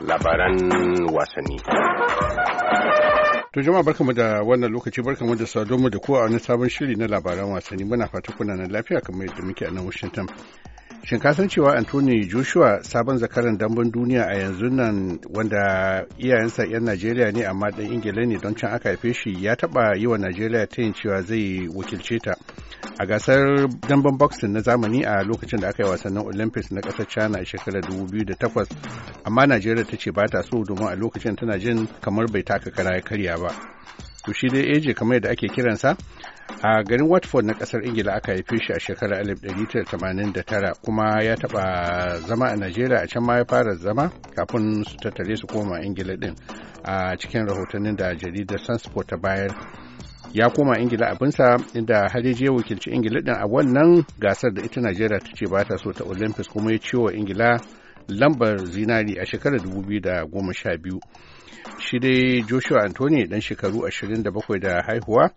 labaran wasanni. To jama'a barkamu da wannan lokaci barkamu da sadomu da kowa wani sabon shiri na labaran wasanni muna fata kuna nan lafiya kamar yadda muke a nan Washington. Shin ka san cewa Anthony Joshua sabon zakaran damben duniya a yanzu nan wanda iyayensa 'yan Najeriya ne amma ɗan Ingila ne don can aka haife shi ya taɓa yi wa Najeriya ta yin cewa zai wakilce ta. A gasar damben boxing na zamani a lokacin da aka yi wasannin Olympics na ƙasar China a shekarar takwas amma Najeriya ta ce ba ta so domin a lokacin tana jin kamar bai taka kara karya ba. To shi dai eje kamar yadda ake kiransa a garin watford na kasar ingila aka haife shi a shekarar tara kuma ya taba zama a najeriya a can ma ya fara zama kafin su tattare su koma ingila din a cikin rahotannin da jaridar sunsport ta bayar ya koma ingila abinsa inda har ya wakilci ingila din a wannan gasar da ita najeriya ta ce ba ta so ta olympics kuma ya ciwo wa ingila lambar zinari a shekarar biyu shi dai joshua anthony dan shekaru ashirin da bakwai da haihuwa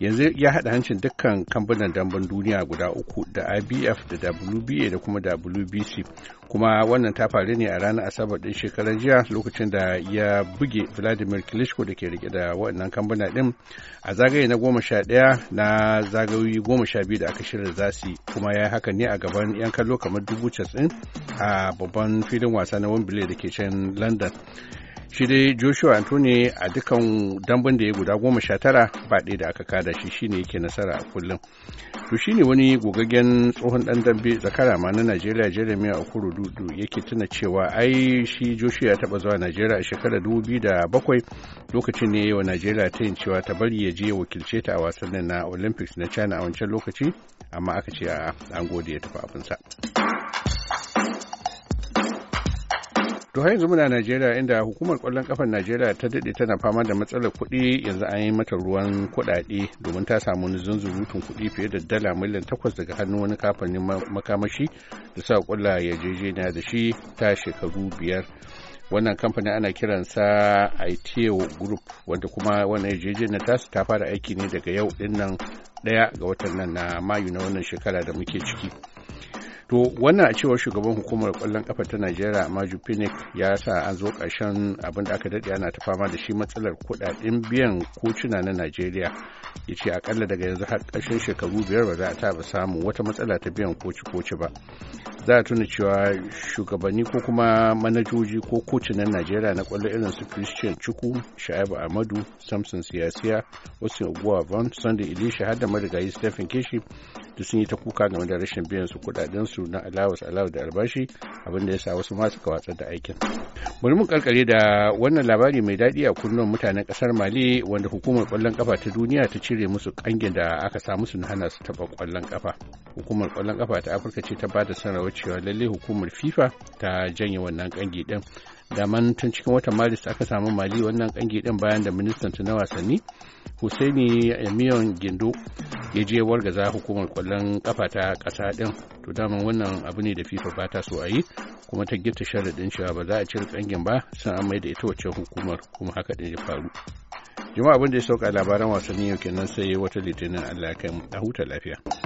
yanzu ya haɗa hancin dukkan kambunan damben duniya guda uku da ibf da wba da kuma wbc kuma wannan ta faru ne a ranar asabar ɗin shekarar jiya lokacin da ya buge vladimir klitschko da ke rike da wannan kambuna ɗin a zagaye na goma sha ɗaya na zagayoyi goma sha biyu da aka shirya za su kuma ya yi haka ne a gaban 'yan kallo kamar dubu casin a babban filin wasa na wembley da ke can london shi dai joshua antoni a dukan damben da ya guda goma sha tara ba da aka kada shi shine yake nasara a kullum to shine wani gogaggen tsohon dan dambe zakara ma na najeriya jeremiah okoro dudu yake tuna cewa ai shi joshua ya taba zuwa najeriya a shekarar dubu biyu da bakwai lokacin ne wa najeriya ta yin cewa ta bari ya je ya wakilce ta a wasannin na olympics na china a wancan lokaci amma aka ce a an gode ya tafi abinsa. To har yanzu muna Najeriya inda hukumar kwallon kafar Najeriya ta daɗe tana fama da matsalar kuɗi yanzu an yi mata ruwan kuɗaɗe domin ta samu wani zunzurutun kuɗi fiye da dala miliyan takwas daga hannun wani kamfanin makamashi da sa ƙulla yarjejeniya da shi ta shekaru biyar. Wannan kamfanin ana kiransa ITO Group wanda kuma wannan yarjejeniyar tasu ta fara aiki ne daga yau ɗin daya ga watan nan na Mayu na wannan shekara da muke ciki. to wannan a cewar shugaban hukumar kwallon kafa ta najeriya maju pinnick ya sa an zo ƙarshen abin da aka daɗe ana ta fama da shi matsalar kuɗaɗen biyan kocina na najeriya ya ce akalla daga yanzu har ƙarshen shekaru biyar ba za a taɓa samun wata matsala ta biyan koci koci ba za a tuna cewa shugabanni ko kuma manajoji ko kocinan najeriya na kwallo irin su christian chuku sha'ibu amadu samson siyasiya wasu oguwa van sunday elisha har da marigayi stephen keshi da sun yi ta kuka game da rashin biyan su kudaden su na alawas alawas da albashi abin da ya sa wasu masu kawatsar da aikin bari mu karkare da wannan labari mai daɗi a kullum mutanen ƙasar mali wanda hukumar kwallon kafa ta duniya ta cire musu kangin da aka sa musu na hana su taɓa kwallon kafa hukumar kwallon kafa ta afirka ce ta ba da sanarwar cewa lalle hukumar FIFA ta janye wannan kange din. Daman tun cikin watan Maris aka samu Mali wannan kange din bayan da ministan na wasanni Husaini Emiyon Gindo ya je wargaza hukumar kwallon kafa ta kasa din. To daman wannan abu ne da FIFA ba ta so a yi kuma ta gita sharaɗin cewa ba za a cire kangen ba sun an mai da ita wacce hukumar kuma haka din ya faru. Jama'a abin da ya sauka labaran wasanni yau kenan sai wata litinin Allah ya kai a huta lafiya.